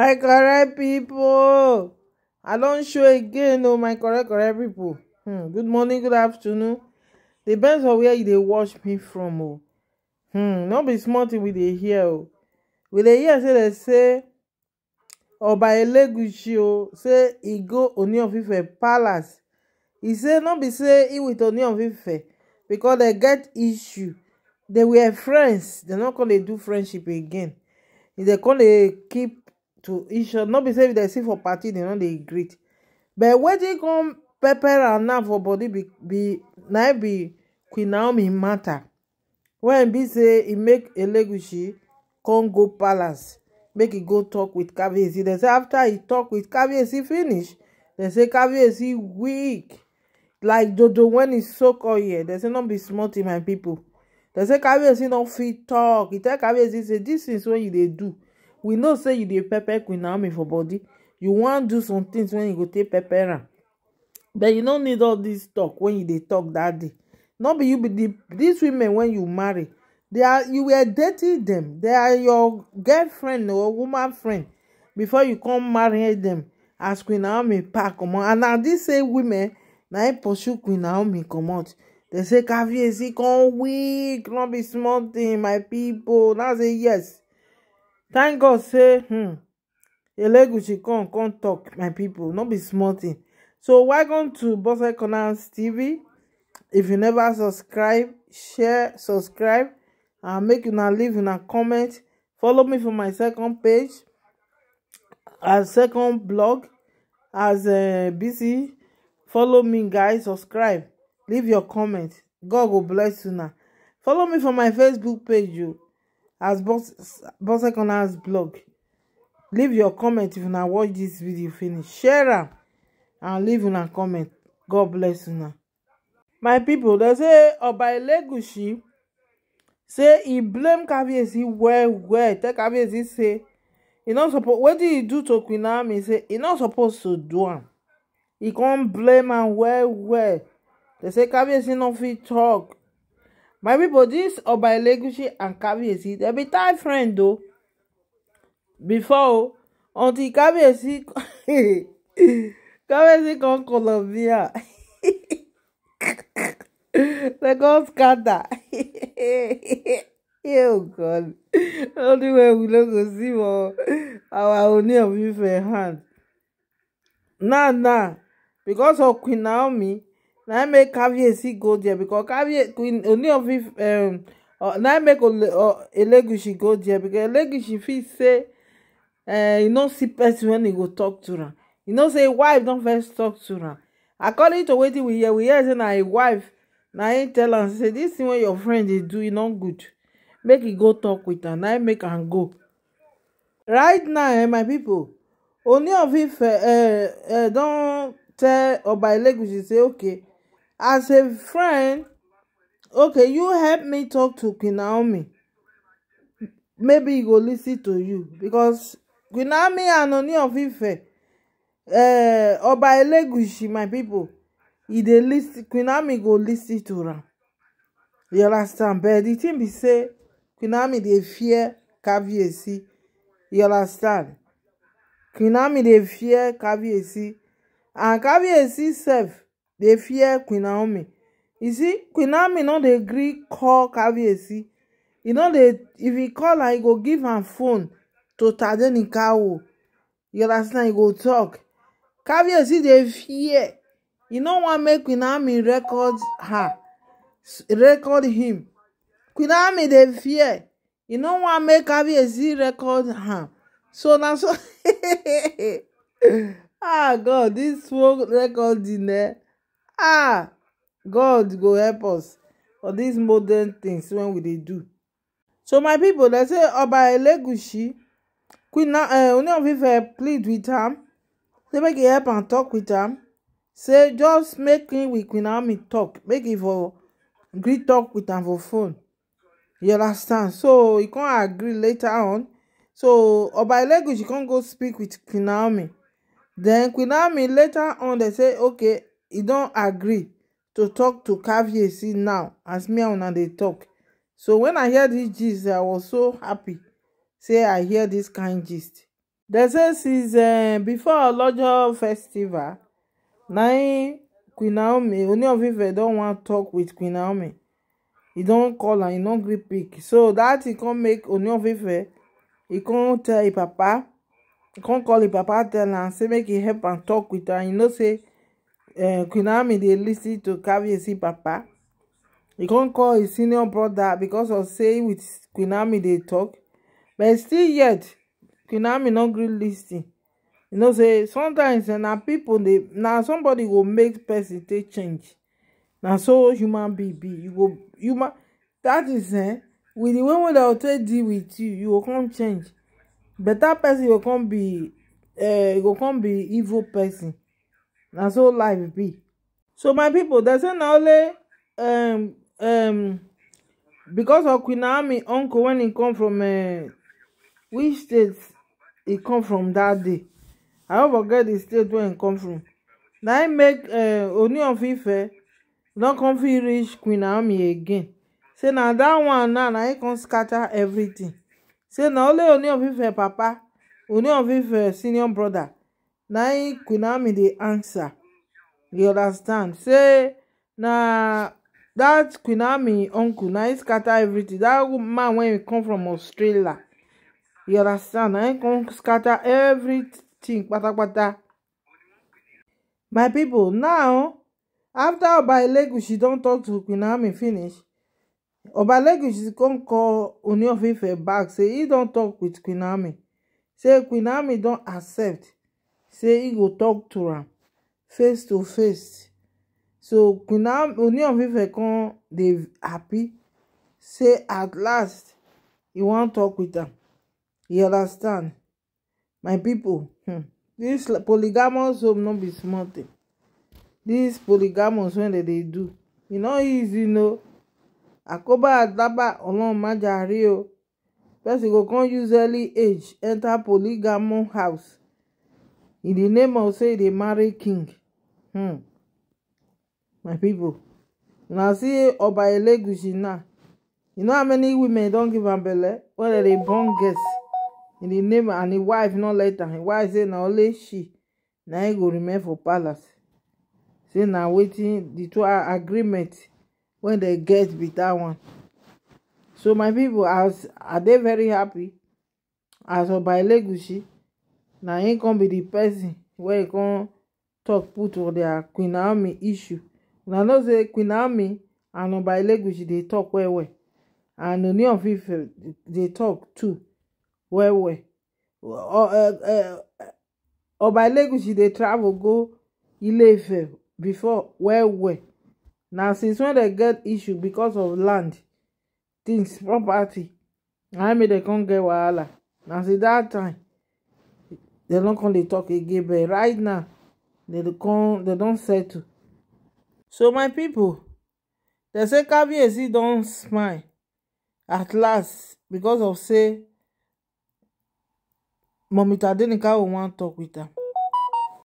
my correct people, i don show again Oh, my correct correct people. hmm good morning good afternoon depends on where you dey watch me from Oh, hmm Not be smart tin we dey hear Oh, we dey hear say they say oba elegushi o oh, say he go on of ife palace He say not be say e with on of ife because they get issue They were friends dem not come dey do friendship again e dey come keep to each should not be say if dem see for party they know they greet but wetin come pepper and now for body be be na be queen naomi matter When be say he make a legacy, come go palace make e go talk with Caviezi. They say after he talk with Caviezi, finish They say Caviezi weak like dodo wen e so cold here. They say not be smart thing my people. They say Caviezi no fit talk He tell Caviezi, say this is what you they do we know say you dey pepper queen naomi for body you wan do some things when you go take pepper am but you no need all this talk when you dey talk that day no be you be the dis women when you marry they are you were dating them. they are your girlfriend or woman friend before you come marry them. as queen naomi pack comot and na dis same women na im pursue queen naomi comot They say caviezi come weak no be small thing my people. now say yes thank god say hmm, elegushi come come talk my people. no be small tin so welcome to Boss corners tv if you never subscribe share subscribe and make you not leave una comment follow me for my second page and second blog as eh, busy. follow me guys subscribe leave your comment god will bless you now. follow me for my facebook page you. Oh as Bose Corners blog leave your comment if you una watch this video finish share am and leave in a comment god bless you una my people. They say oba legacy. say he blame kabiyesi well well tell kabiyesi say e no suppose did he do to Queen Naomi say he not supposed to do am He come blame him well well They say kabiyesi no fit talk my pipo dis oba elegushi and kabiyesi dem be tight friend o before o until kabiyesi kabiyesi come colombia dem come scatter oh god only way we no go see for our Ooni of Ife hand now nah, nah. because of Queen Naomi na make caviarcy go there because caviar queen only of if um uh, na make uh, elegushi go there because elegushi fit say uh, e no see person wen e go talk to am e no say wife don first talk to am according to wetin we hear we hear say na im wife na im tell am say dis thing wey your friend dey do e no good make e go talk with am na im make am go right now eh, my people, Ooni of Ife uh, uh, eh, eh, don tell Ọba Elegushi say okay as a friend okay you help me talk to Queen Naomi maybe he will listen to you because Queen Naomi and Ooni of Ife uh, Oba Elegushi my people he dey listen Queen Naomi go listen to am you understand but the thing be say Queen Naomi dey fear Kabiyesi you understand Queen Naomi dey fear Kabiyesi and Kabiyesi sef dey fear queen naomi you see queen naomi no dey gree call kabiyesi e no dey if e call am e go give am phone to tadenikawo you understand e go talk kabiyesi dey fear e no wan make queen naomi record her record him queen naomi dey fear e no wan make kabiyesi record her. so na so ah god dis whole recording eh ah god go help us for these modern things. wey we dey do so my people, dem say oba elegushi queen uh, oni of ife plead with am say make e help am talk with am say just make him with queen talk, make e for gree talk with am for phone you understand so he con agree later on so oba elegushi con go speak with queen Then den later on dey say okay He don agree to talk to caviarcy now as me and una dey tok so when i hear this gist i was so happy say i hear this kind gist They say since eh, before a olojo festival na im queen naomi oni of ife don wan tok wit queen naomi e don call am he don't greet pick so that he come make oni of He e tell his papa He come call his papa tell am say make e help and talk with her e know say uh, Queen Naomi dey lis ten to Kabiyesi papa e come call his senior brother because of say with Queen Naomi dey talk but still yet Queen Naomi no gree lis ten you know say sometimes uh, na people dey na somebody go make person take change na so human being be you go human that is eh, with the way wey dem take deal with you you go come change better person go come be uh, go come be evil person na so life be so my people, dem say na only um um because of queen naomi uncle when he come from uh, which state he come from that day i don forget the state where he come from na im make uh, oni of ife don come fit reach queen naomi again say na that one now na im come scatter everything say na only oni of ife papa oni of ife senior brother na im queen naomi dey answer you understand say na dat queen naomi uncle na im scatter everything That man wey come from australia you understand na im come scatter everything kpatakpata my people. now after afta she don talk to queen naomi finish She come call oni of ife back say e don talk with queen naomi say queen naomi don accept say he go talk to am face to face so queen oni of ife come dey happy say at last he wan talk with am you understand my people. hmm dis polygamous home no be small tin dis polygamous wey dem dey do e no easy no akoba adaba olonmaja rio person go come use early age enter polygamo house in the name of say dey marry king hmm. my people. Now see oba elegushi now you know how many women don't give am belle Well, they born girls in the name and im wife no let am im wife say na only she na im go remain for palace say na wetin the two agreement when dem get be that one so my people, as i dey very happy as oba elegushi na im come be di person wey come tok put for their queen naomi issue una know say queen naomi and oba elegushi dey talk well well and oni of ife dey tok too well well uh, uh, oba elegushi dey travel go ile before well well na since wen dem get issue because of land things property na im make dem come get wahala na since that time They don't come dey talk again but right now dem come dem don settle so my people, they say kabiyesi don't smile at last because of say mommy tadenika wan talk with am